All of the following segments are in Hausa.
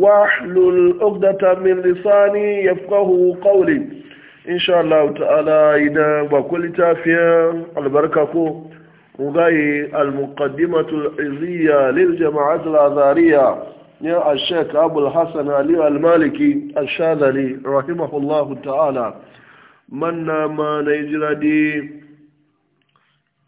واحلل عقدة من لساني يفقه قولي إن شاء الله تعالى إذا وكل تافيا البركة كو وغاي المقدمة العزية للجماعة الأزارية يا الشيخ أبو الحسن علي المالكي الشاذلي رحمه الله تعالى من ما نيجرا دي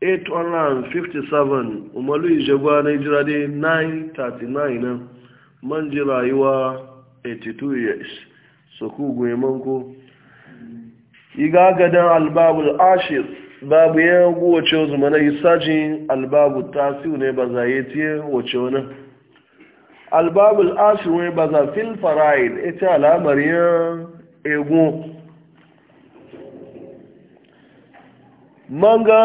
857 ومالوي جبا نيجرا دي 939 man ji rayuwa 82 years so ku goye manko iga gadan albabul ashir babu ya wace wasu mana yi sajin albabu tasiru ne ba za yi tiye wace wani albabul ashir ne ba za fil fara'id ita alamar ya egun manga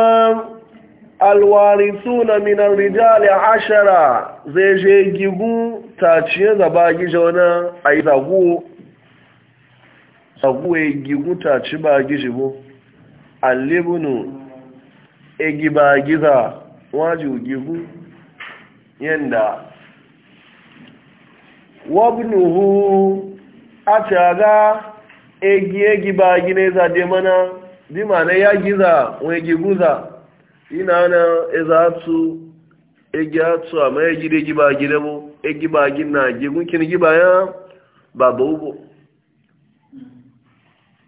alwarisuna minan rijali ashara zai je gigu ta ciye zaba gije wani a yi zagu zagu e gigu ta ci ba gije bu alibunu egi ba giza waji gigu yanda wabnuhu a taga egi egi ba gine zade mana dimana ya giza wani giguza ina na eze atu egi atu ama egi de giba gide bo egi ba gi na gi gun kin giba ya baba ubo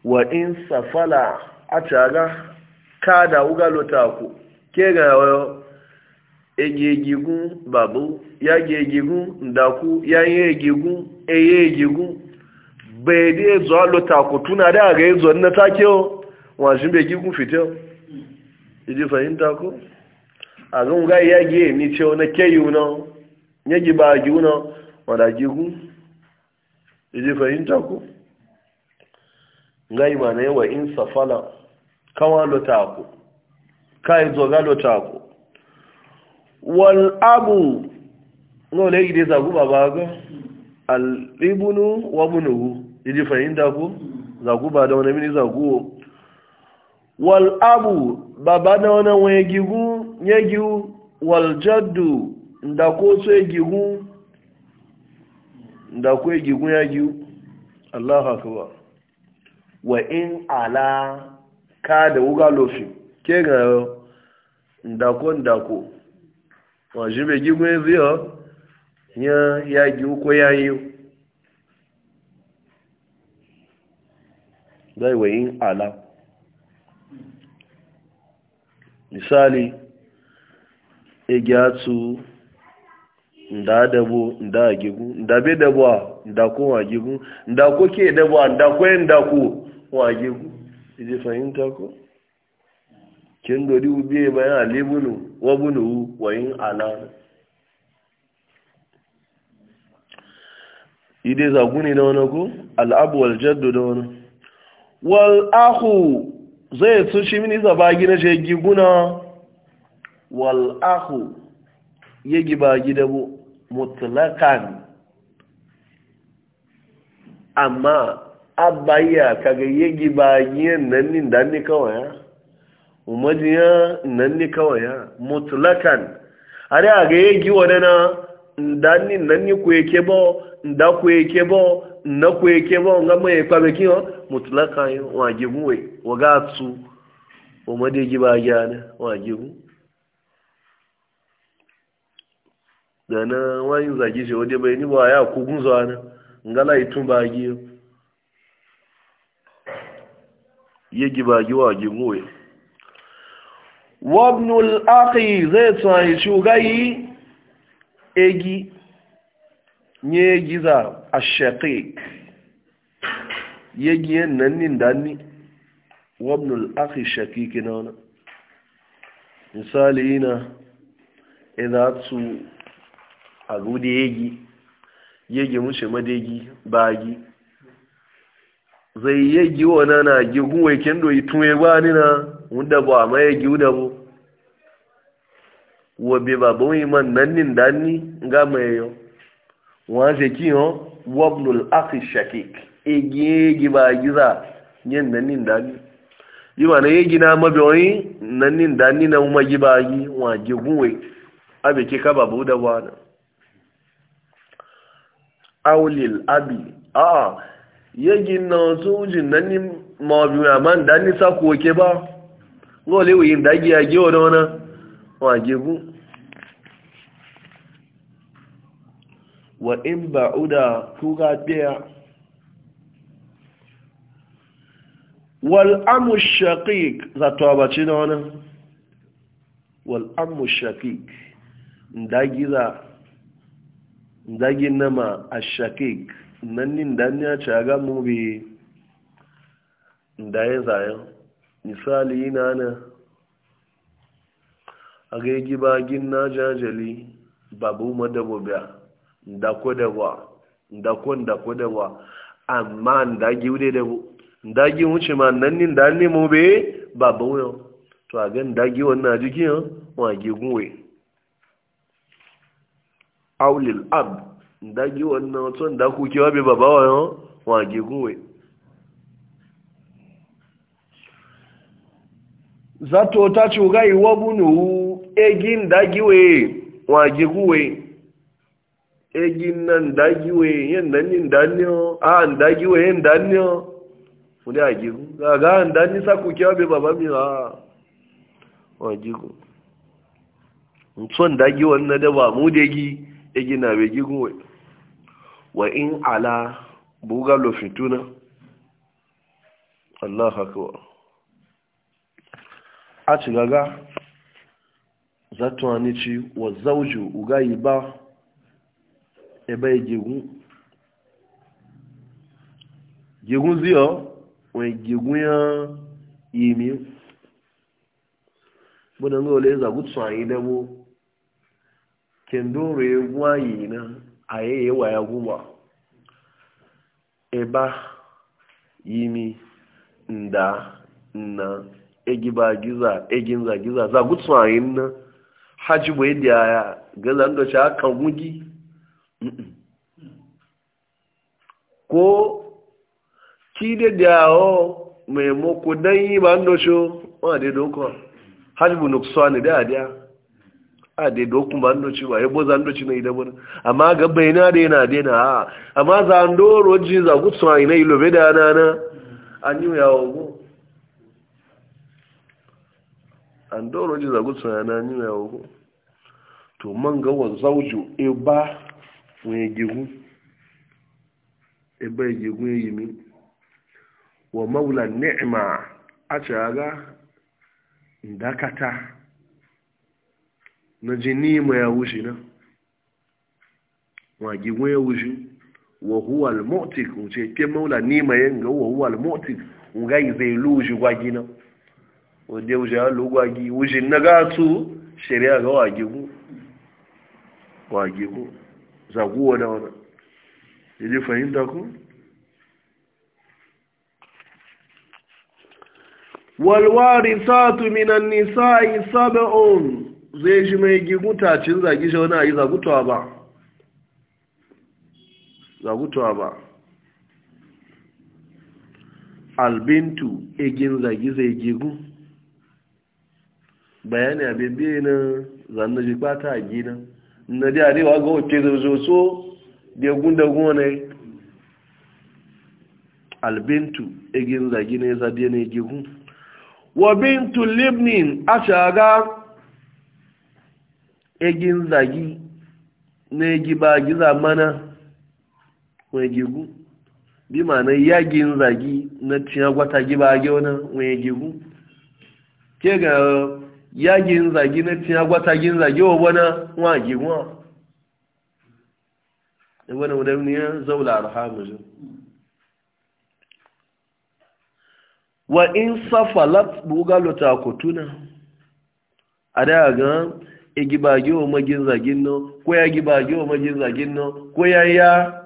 wa in safala ataga kada uga lotaku ke ga yo egi egigun babu ya gi egigun ndaku ya ye egigun eye egigun be de zo lotaku tuna da ga ezo na takeo wa jimbe egigun fiteo iji fahimta ko a gan ga ya gi mi e ce na ke yi ya gi ba gi una wada gi gu iji fahimta ko ga ima na yawa in safala kawa lota ko kai zo ga lota ko wal abu no le ide za guba ba ga al ibnu wa bunuhu iji fahimta ko za guba da wani mini za wal abu baba na wani wani gigu ya wal jaddu da ko so ya gigu ya gigu ya gigu allahu akbar wa in ala ka da wuga lofi ke ga ndako ndako wa jibe gigu ya ziyo ya ya gigu ko ya yi wa in ala misali egyatsu nda dabo nda nda be dabo nda ko nda ko ke dabo nda ko nda ko wa fahimta ko kin dori ubi e bayan alibunu wa bunu wa yin ala wani ko al'abu wal jaddu da wani wal zai su shi mini zaba gina shi giguna wal'ahu ya giba gida bu mutlakan amma abayi kaga ya giba giyan nan ni dan ni kawai ya umajiya nan ni kawai ya mutlakan are aga ga giwa dana dan ni nan ni ku yake bo nda ku yake bo na kweke ba nga mai kwabe kiyo mutlaka yi wage muwe waga tsu o made gi ba gyana wage mu da na wani zagi shi wadda bai ni ba ya kugun zuwa na ngala itun ji gi ye gi ba gi wage muwe wabnul akhi zai tsani shugayi egi nye za. الشقيق يجي nan داني وابن wa الشقيق نونا akhi هنا nona misali ina يجي يجي مش yegi yegi mushe madegi bagi zai yegi wana na gigun weken do ituwe bani na ba ma bo wo be babon iman nan nin ni ga mayo wa ze kiyo wabnul akhi shakik ege giba giza yen nan nanin dani yiwa na yegi na mabiyoyi nanin nin dani na kuma giba gi wa giguwe abe ke kaba bu da wana awlil abi a yegi na soji nan nanin mabiyoyi man dani sako ke ba ngole wi ndagi ya ge wana wa gigu wa in ba'uda tuga biya wal amu shaqiq za to bace na wani wal amu ndagiza ndagi nama ashaqiq nan ni dan ya a mu bi ndaye zayo misali yi na a ga yi gina jajali babu madabobiya ndako da ba ndako ndako da ba amma ndagi wude da bu ndagi wuce ma nan ni da ne mu be baban wayo to a ga ndagi wannan jiki yan wa gi gunwe awlil ab ndagi wannan to ndako ke wa be baba wa wa gi gunwe zato ta cuga iwa bunu egin dagiwe wa e giguwe egin na ndagiwe yen nan ndanio, ndanyo a ndagiwe yen ndanyo funde ajigu aga ndani sakukiwa be baba mi a wajigu mtson ndagi wannan da ba mu degi egin na be gigu wa in ala buga lo fituna Allah akbar a ci gaga ni ci wa zauju ugayi ba ebe jigun e jigun zio wọn e jigun ya yimi bọ́dọ̀ ń lè zàgùtù àyín lẹ́wọ́ kẹndóró ewu àyìn náà na? E ya nda nna egiba giza egin zagiza zàgùtù àyín náà hajjibu ya ga zangace aka wuji ko kide da o mai moko dan yi ba ndo sho wa de doko hajbu nuksani da dia a de dokun ba ndo ci ba e bo za ndo ci na ida bana amma ga na da yana da na amma za ndo ji za gutsuwa ina ilobe da na na an yi ya go an do ji za gutsuwa na an yi ya to man ga wa zauju e ba wani gigu ebe gigu yi mi wa mawula ni'ima a ndakata, na ji ma ya wuce na wa gigu ya wuce wa huwa al-mu'tik wuce ke maula nima nga ga wa huwa al-mu'tik nga zai luji gwagi na wadda wuce ya lu gwagi wuce na gatu shari'a ga wa gigu wa gigu zaguwa da wani yaji fahimta ku walwari satu minan nisa'i saba'un zai shi mai giguta cin zagi shi wani a yi zagutuwa ba zagutuwa ba albintu egin zagi zai gigu bayani abin biyu na zanen jikpata a ginan na da arewa ga wace so da gunda gona albintu egin zagi ne zabi ne gihun wa bintu libnin a shaga egin zagi ne giba giza mana wani gigu bi ma na yagin zagi na ciyagwata giba gona wani gigu ke ga yagin zagi na tiya gwata gin zagi wa wana wa wa da wani wadanda ya zaula arhamu wa in safalat bugalo ta kutuna a da ga igibage e wa magin zagin no ko ya gibage wa magin zagin no ko ya ya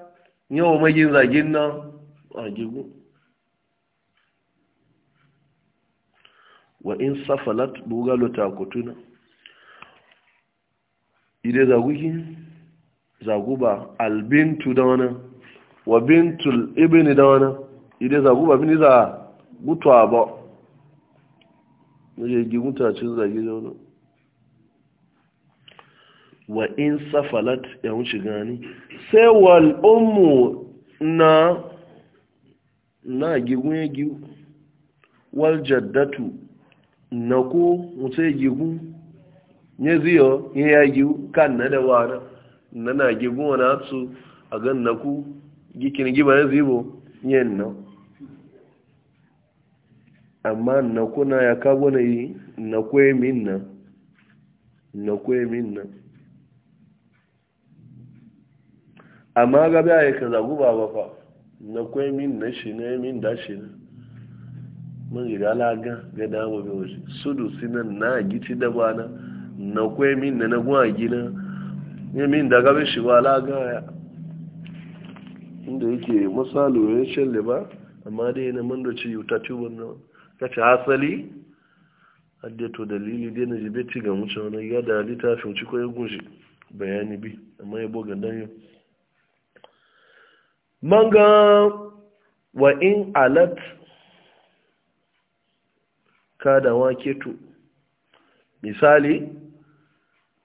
yawa magin zagin no a gigu wa in safalat bugalo ta kutuna ide zaguki zaguba albintu da wani wa bintul ibni da wani ide zaguba bini za gutuwa ba nije gi mutacin zage da wani wa in safalat ya wuce gani sai wal ummu na na gigun ya gigun wal jaddatu naku mutu gigu ne ziyo ihe ya gigu kan na da wani na na gigu wani atsu a gan naku gikin giba ya zibo yin na amma naku na ya kabo na yi naku ya na naku ya amma gaba ya ka zagu ba ba fa naku ya na shi ne da shi na mun riga laga ga damu ga waje sudu sinan na gici da bana na kwai min na na gwa gina ya min da gabe shi ba laga ya inda yake misalu ya shalle ba amma da yana mun da ci yuta ci wannan kace hasali hadde to dalili dai na jibe ci ga mucin wani ya da littafin ci ko ya gunshi bayani bi amma ya boga dan yau manga wa in alat kada wa keto misali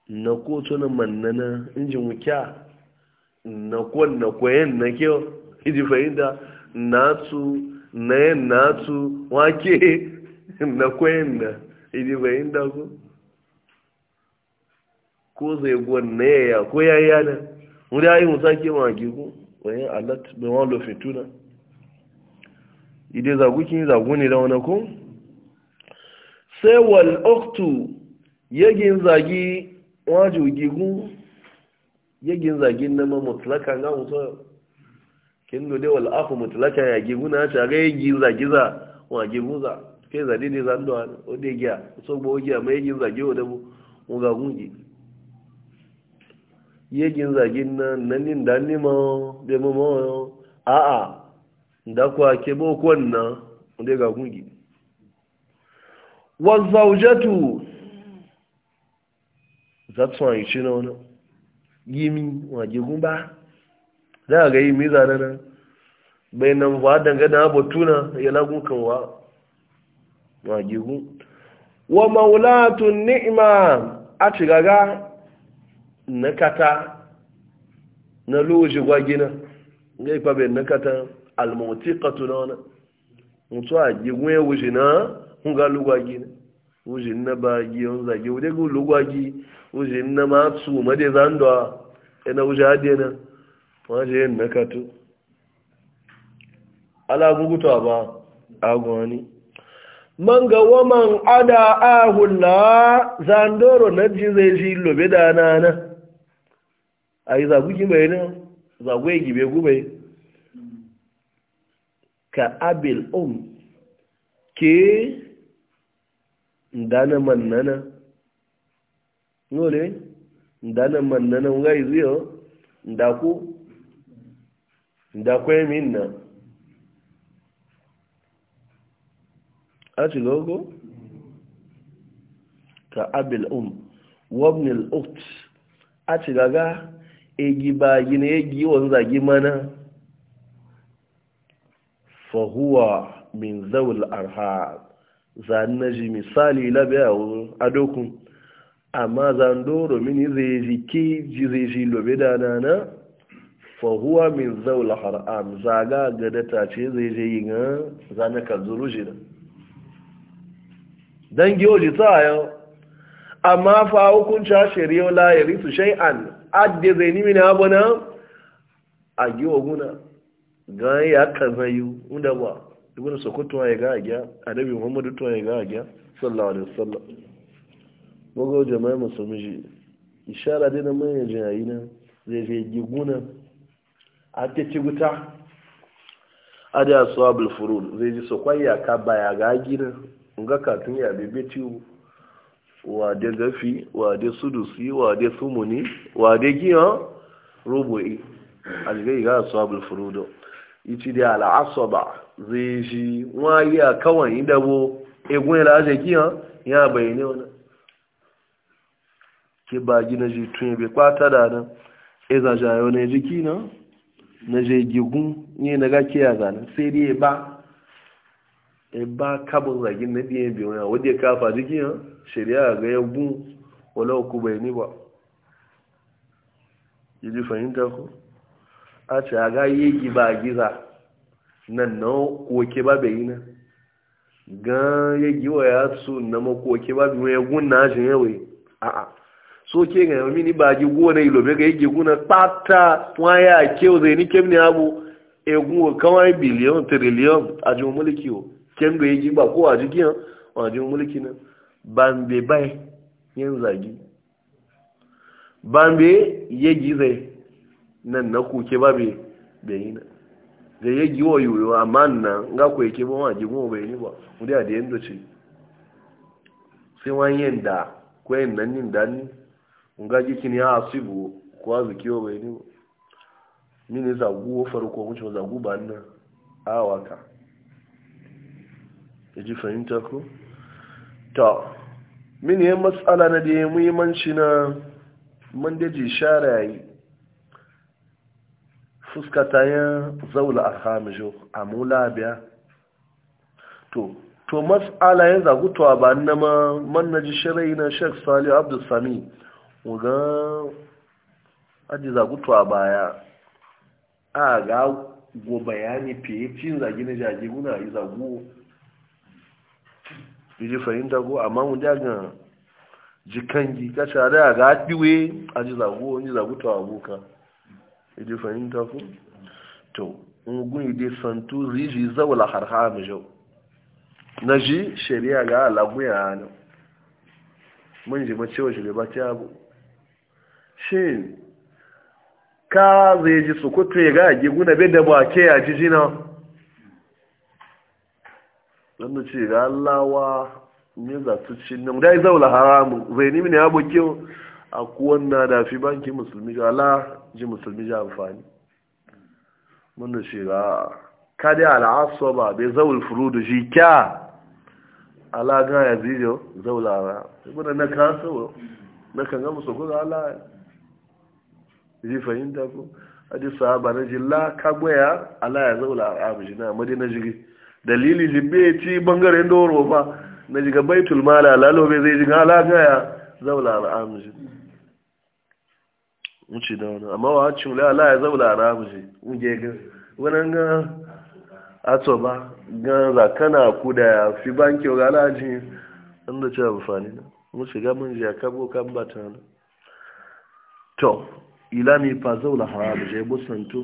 na kotunan mannana injin wukya na kwan na kwayen na kyau iji fahimta natu na yin natu wake na kwayen na iji fahimta ko ko zai gwan na yaya ko yaya na wuri ayi musa ke magi ko wayan alat bai wani lofituna ide zagukin zagu ne da wani ko sai wal oktu yagin zagi waju gigu yagin zagin na ma mutlaka ga mutu kin do de wal afu mutlaka ya gigu na ta ga yagin zagi za wa gigu za kai zade ne zan duwa o de gya so bo gya mai yagin zagi o da mu mu ga gungi yagin zagin na nanin da ni ma be mu mo a a da kwa ke bo kwanna o de ga gungi wazaujatu that's why you know no yimi waje gumba da ga yimi zana nan bayanan wa danga da batuna ya lagun kanwa waje gum wa maulatun ni'ima a cigaga na kata na loji gwagina ngai kwabe na kata almutiqatu nona mutu a jigun ya wuce na nga lugwagi ne uje na bagi on zage ude go lugwagi uje na ma tsu ma de zando ina uje ade na ma je na katu ala gugutu ba agoni man ga waman ada ahulla zandoro na ji zai shi lobe da nana a yi zagugi mai ne zagwai gibe gube ka abil um ke ndana mannana ngole ndana mannana ngai zio ndaku ndakwe minna ati logo ka abil um wabni al-ukht ati gaga egi ba gine egi wanza gi mana fa huwa min zawil arhab na ji misali labe a wurin adokun amma zandoro mini zai ji ki zai ji lobe da na? fahuwa min zaul haram zaga gada ta ce zai je yi ga ka zuru shi dan giyo ji ta yau amma fa hukunta shari'a la yarisu an adde zai nimi na bana? a giyo guna ga ya kan inda ba ibn sokoto ya ga ga annabi muhammadu to ya ga ga sallallahu alaihi wasallam gogo jama'a musulmi ji ishara dai na mai jayi na zai je giguna a ta ci guta a da asabul furud zai ji sokwaya ka baya ga gina ga katun ya bebe tiwo wa da gafi wa da sudusi wa da sumuni wa da giya rubu'i algai ga do furud iti da al'asaba zai shi wọ́n yí àkáwọn yìí dẹ́wọ́ egun ìlà ṣe kí hàn yá àbẹ̀yìn ní ọ̀nà kí bá jí tún ẹ̀bẹ̀ pátá dáadáa na ẹ̀jẹ̀ kí náà na ṣe gígún ní ẹ̀nàgá kí àzà ní rí ẹ̀bá ẹ̀bá kábọ̀ àti àgá bá nan na koke ba bai na gan ya giwa ya su na ma koke ba bai ya gunna shi yawai a'a so ke ga yami ni ba gi gona ilobe ga yake guna pata wa ya ke zai ni kem ne abu egun kawai biliyon triliyon a jin mulki o kem ga yake ba ko a jikin a jin mulki na ban be bai yin zagi ban be yegi zai nan na koke ba bai yi na zai yi giwo yiwuwa amma nan ga ku yake ba waje goma bai ni ba mu da yin doce sai wani yin da ko yin nan nin da ni ga gikin ya asibu ko azu kiwo bai ni ba mini zagu farko mun ce zagu ba nan awaka yaji fahimta ko ta mini yan matsala na da muhimmanci na man daji sharayi fuskatayen zaula a hamishu a mula biya to to matsala ya zagutuwa ba na ma mannaji shirai na sheikh salih abdulsami wuga aji zagutuwa baya a ga go bayani fiye cin zagi na jage guna yi zagu yi fahimta ko amma mu daga jikan gi kacha da ga biwe aji zagu wani zagutuwa abokan Idi fahimta ku to ungun ide santu riji zaula harha mu jau na ji shari'a ga alaguya nan mun ji mace shi ba ta abu shin ka zai ji su kutu ya ga guna bai da ba ke ya ji jina wanda ce ga allawa ne za su ci nan dai zaula haramun zai nimi ne abokin a kowanne da fi banki musulmi ga ala ji musulmi ji amfani munda shiga kadi al'asso ba bai zaul furudu shi kya ala ga ya zijo zaula ba ibuna na kasa na kan ga musu kuka ala ji fahimta ko ji sahaba na ji la kagbaya ala ya zaula a abu na madina jigi dalili ji bai ci bangaren doro ba na ji gabaitul mala lalobe zai zai ga ala ga ya zaula a abu wuce da wani amma wa cin la la ya zaula arabu je wuge ga wannan ga ato ba ga zakana ku da ya fi banki ga alaji an da ci amfani na wuce ga mun a kabo kan bata na to ilami fa zaula arabu bu busanto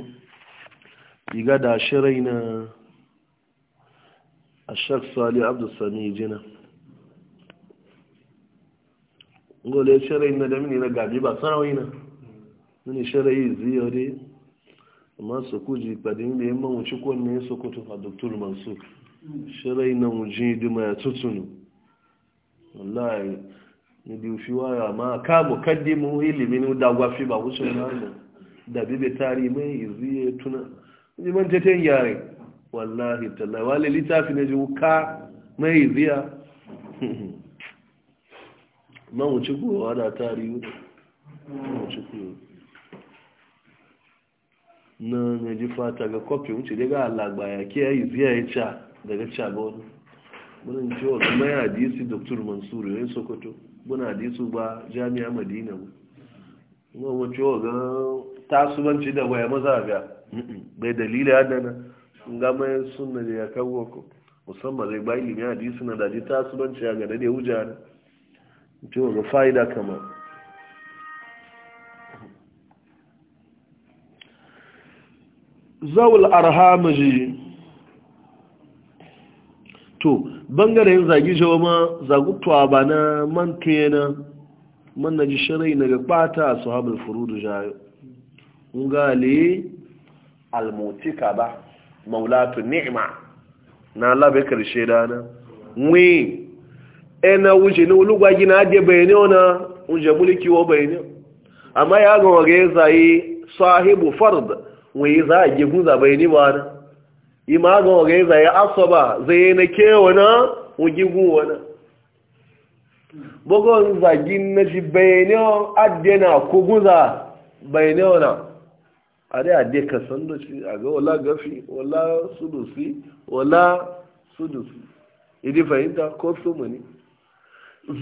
iga da shirai na الشيخ صالح عبد السميع jina ngole shirai na da mini na gabi ba sarawai na mini shara'i ziyo dai amma su kuji kadin da yamma wuce kwanne su kutu a doktor mansur shara'i na wujin hidima ya tutunu wallahi ni di fi waya ma ka mu kaddi ilimi da gwafi ba wuce na da bibe tari mai iziye tuna ni man tete yare wallahi tallahi wale litafi ne juka mai iziya man wuce ko wada tari wuce na na ji fata ga kofin wuce daga alagba ya ke yi ziya ya ca daga ca ga wani muna cewa kuma ya hadisi dr mansur ya sokoto muna hadisu ba jami'a madina mu kuma mu cewa ga tasubanci da waya maza ga bai dalili adana sun ga mai sunna da ya kawo ko musamman zai ba ilimin hadisi na daji ji tasubanci ya ga da ne wuja ne cewa ga fa'ida kamar zawul arhamaji to bangaren zagi jawo ma zagutuwa ba na mantuye na man na ji shirai na gabata a sahabar furudu jayo ngali almutika ba maulatu ni'ima na labe karshe dana wi ena wuce ni ulugwagi gina ade bayani ona wuce mulki wo bayani amma ya ga wage zai sahibu farda wai za a gifu zabai ni ba na ma ga gai zai ba, zai na kewa na wagigu wana bugun zagin na shi bayaniyon adena ko guza na? a dai a dai kasan da shi a ga wala gafi wala sudusi wala sudusi idi fahimta ko su mu ne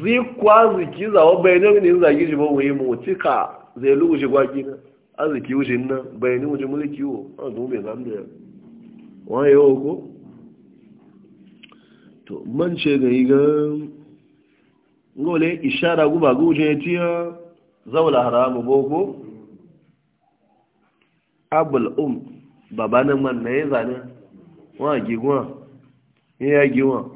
zikwa ziki zawa bayaniyon ne zagi shi ba wuyi mutuka zai lugu shi gwaki na arziki wujin bai bayani wuce mulki wo an zuwa mai da ya wani yawo ko to man ce ga yi gan gole ishara guba ga wujin ya tiya zaula haramu boko abul um babanin man na ya zane wa giguwa ya giguwa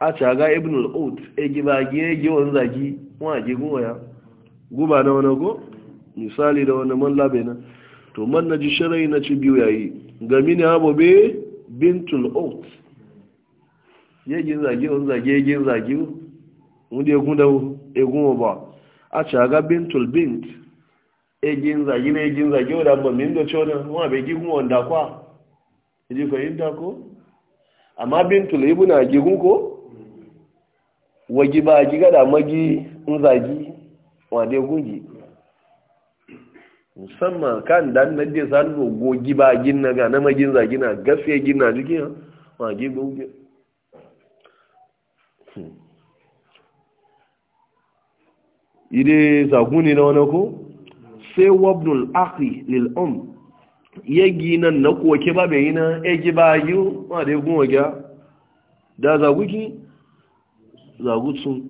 a caga ibn al'ud ya e giba ya e giwa zagi wa giguwa ya guba na wani ko misali da wani man labe na to man na ji shirai na ci biyu yayi ga mini abu be bintul out yegin zage wani zage yegin zage Wani ya gunda egun ba a ci aga bintul bint egin zage na egin zage wani abu min da cewa wani bai gigun wanda kwa e ji fahimta ko amma bintul ibu na gigun ko wagi ba giga da magi in zagi wanda ya gungi musamman kan dan na de san go gogi ba gin na ga na magin za gina gafe na, jikin ma gi gogi hmm. ide saguni na wani ko sai wabnul aqi lil um yegi nan na koke ba bai na egi ba yi ma da gun waga da zaguki zagutsun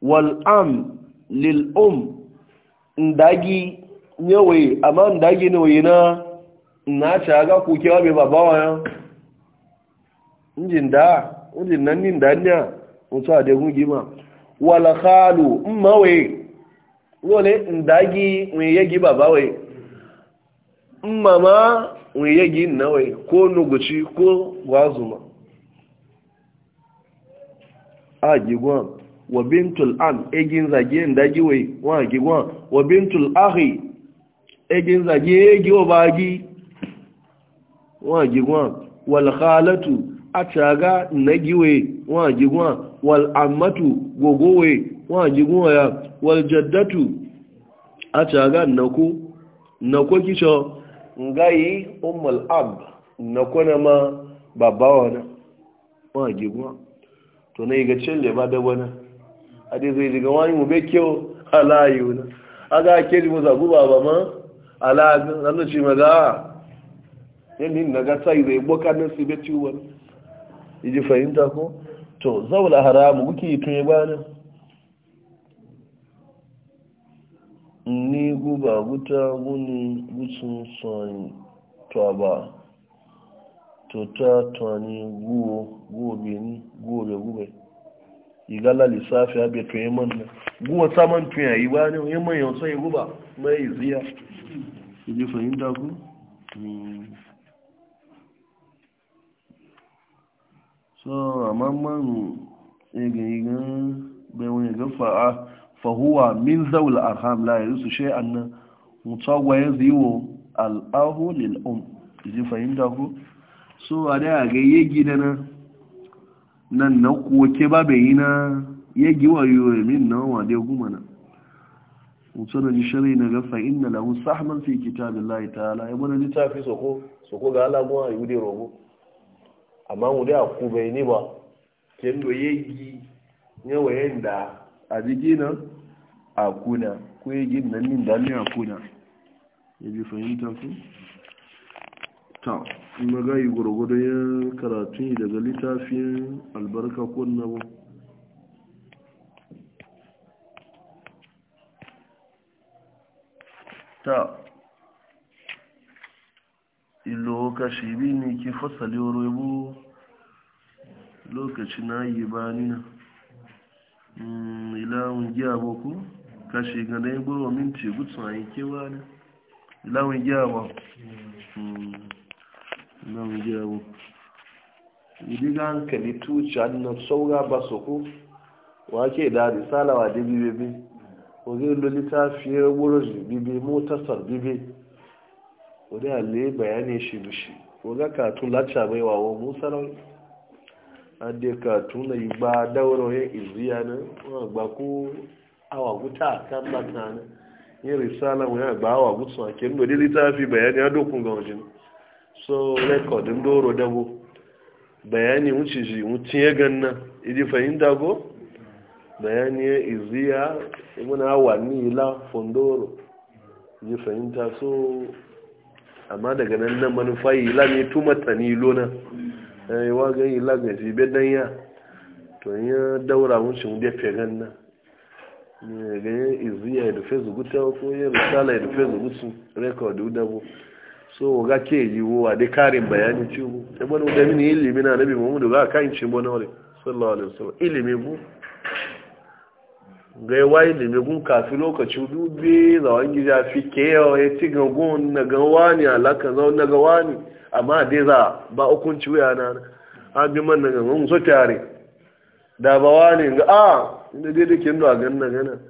wal am lil um ndagi nyewe ama ndagi ne na na cha ga ku kewa be baba wa njin da njin nan nin danya ade gun gima khalu mawe wole ndagi we yegi baba we mama we nawe ko nuguci ko gwazuma a wa bintul an egin zage ndagi we wa gi wa bintul ahi egin zage giwa bagi wa wa wal khalatu ataga giwe, wa wa wal ammatu gogowe wa wa ya wal jaddatu ataga naku nako kicho ngai ummul ab nako na ma babawa na wa wa to ne ga cin ba da wani ade zai diga wani mu bai kyau alayu na aga ke mu zagu baba ma ala Allah ce maga yanni na ga sai zai boka nan su bai ciwo Yi fahimta ko to zaul haram kuke tun ba nan ni guba guta guni gutsun sani to ba to ta tani ni guwo bi ni guwo gube igala lissafi ya beto ya man guwa saman tuya yi ba ne yin manyan sai guba mai ziya su ji fahimta ku hmm. so amma man eh, igan bai wani ga fa'a fahuwa min zaul arham la yarisu shay'an nan mutagwa ya ziwo al'ahu lil um ji fahimta ku so a daya ga yegi da nan nan na koke ba bai yi na ya giwa yiwu min na wa dai guma na mutum ji shari na gafa inna lahu sahman fi kitabin lahi ta'ala ya mana littafi soko soko ga alamuwa yi wude rogo amma mu dai a ku bai ne ba kendo ya gi yawa yin da a jiki nan a kuna ko ya gi nan nin da ne a kuna ya ji fahimta ku magayi gwargwado ya karatun daga littafin albarka ko ba ta ilo kashi bi ne ke fasali rubu lokaci na yi ba nina hmm, ilawun giya boku kashi ga na yi minti gutsun a yi kewa ne ilawun giya ba na mu idiga hankali tuci annan saura ba su ku wake da risala wa da bibibi oge lolita fiye wurin bibi motasar bibi wadda alle bayani shi bishi oga katun lacca wa wawo musa rauni adde katun na igba daurayen iziya na gba ko awa guta kan bata na yin risala wani gba awa gutu a kendo da littafi bayani adokun ga wajen so rekodin doro dago bayani wuce shi mutum ya ganna idi fahimta ko bayani ya iziya muna wani la fondoro ji fahimta so amma daga nan nan manufa ila ne tumata ni lona yi eh, wa ga ila ga jibe dan ya to ya daura wuce mu da ganna ne ga iziya da facebook ta ko ya risala da facebook record dabo so ga ke yiwu a dai karin bayani ci bu da bani da mini ilimi na nabi muhammadu ga kan ci na wale sallallahu alaihi wasallam ilimi bu ga yi wa ilimi gun kafin lokaci dubbe za wani gida fi ke yawa ya ci ga gun na ga wani alaka za na ga wani amma dai za ba hukunci wuya na an bi man na ga mun so tare da ba wani ga a inda dai da kin do a ganna gana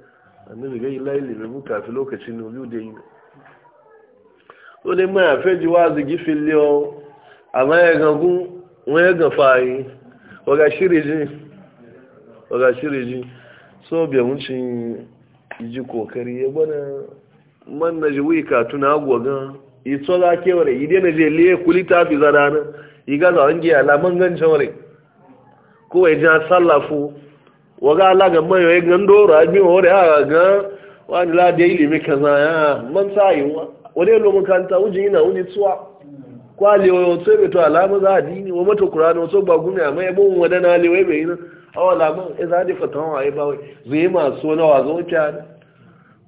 annabi ga ilimi bu kafin lokacin ne biyu da yi ó lè mọ́ àfẹ́jì wáàzì gí fi lé ọ àmọ́ ẹ̀gàn gún wọ́n ẹ̀gàn fààyè ọ̀gá ṣírìjì ọ̀gá ṣírìjì sọ́ọ̀bì ẹ̀hún ṣe ìjì ji wuyi katu e na agwa gan iso za ke ware ide na kuli ta fi zara nan iga za wange ala man gan can ware ko e e ya ja sallafu waga ala ga ya gan doro ga wani lo makanta wuje yana wuje tsuwa kwali wa wato bai to alama za a dini wa mata kurani wato ba gumi amma ya bin wadana na lewa bai yana awa laman ya eh, za a di fatawa ya bawai zai masu na wazo kyana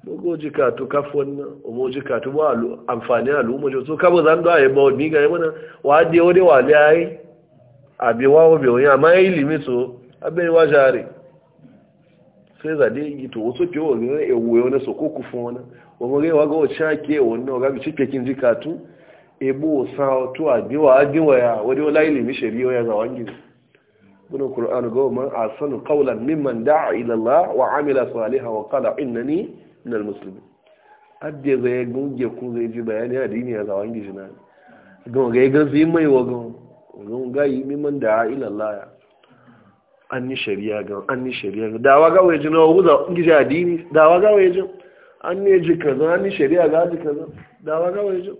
bugu jika to kafin nan umu jika to ba amfani al'umma jo so kabo zan da ya ba mi ga yana wa de wa de wa lai abi wa wa bi amma ilimi so abin wa jare sai zade yi to wasu ke wa gina ewu ya wani soko kufa wani wani rewa ga wacce ake wani wa gabi cike kin ji katu ebo sa to a biwa a biwa ya wani wala ilimi shari'a ya zawon gina wani kur'an ga wani a sanu kaulan mimman da'a ilallah wa amila saliha wa kala ni na musulmi. adde zai gunge ku zai ji bayani a dini ya zawon gina ga ga zai mai wa ga ga yi mimman da'a ilallah ya an ni shari'a ga an ni shari'a ga dawa ga waje na wuza gije addini dawa ga waje an ne ji kaza an ni shari'a ga ji kaza dawa ga waje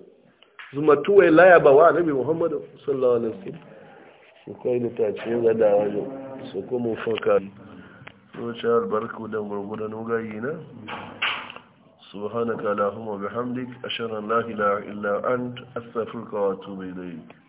zuma tuwai laya ba wa annabi muhammadu sallallahu alaihi wasallam su kai da ta ce ga dawa jo su kuma faka so cha albarku da gurgudan gayi na subhanaka allahumma bihamdik ashhadu an la ilaha illa ant astaghfiruka wa atubu ilayk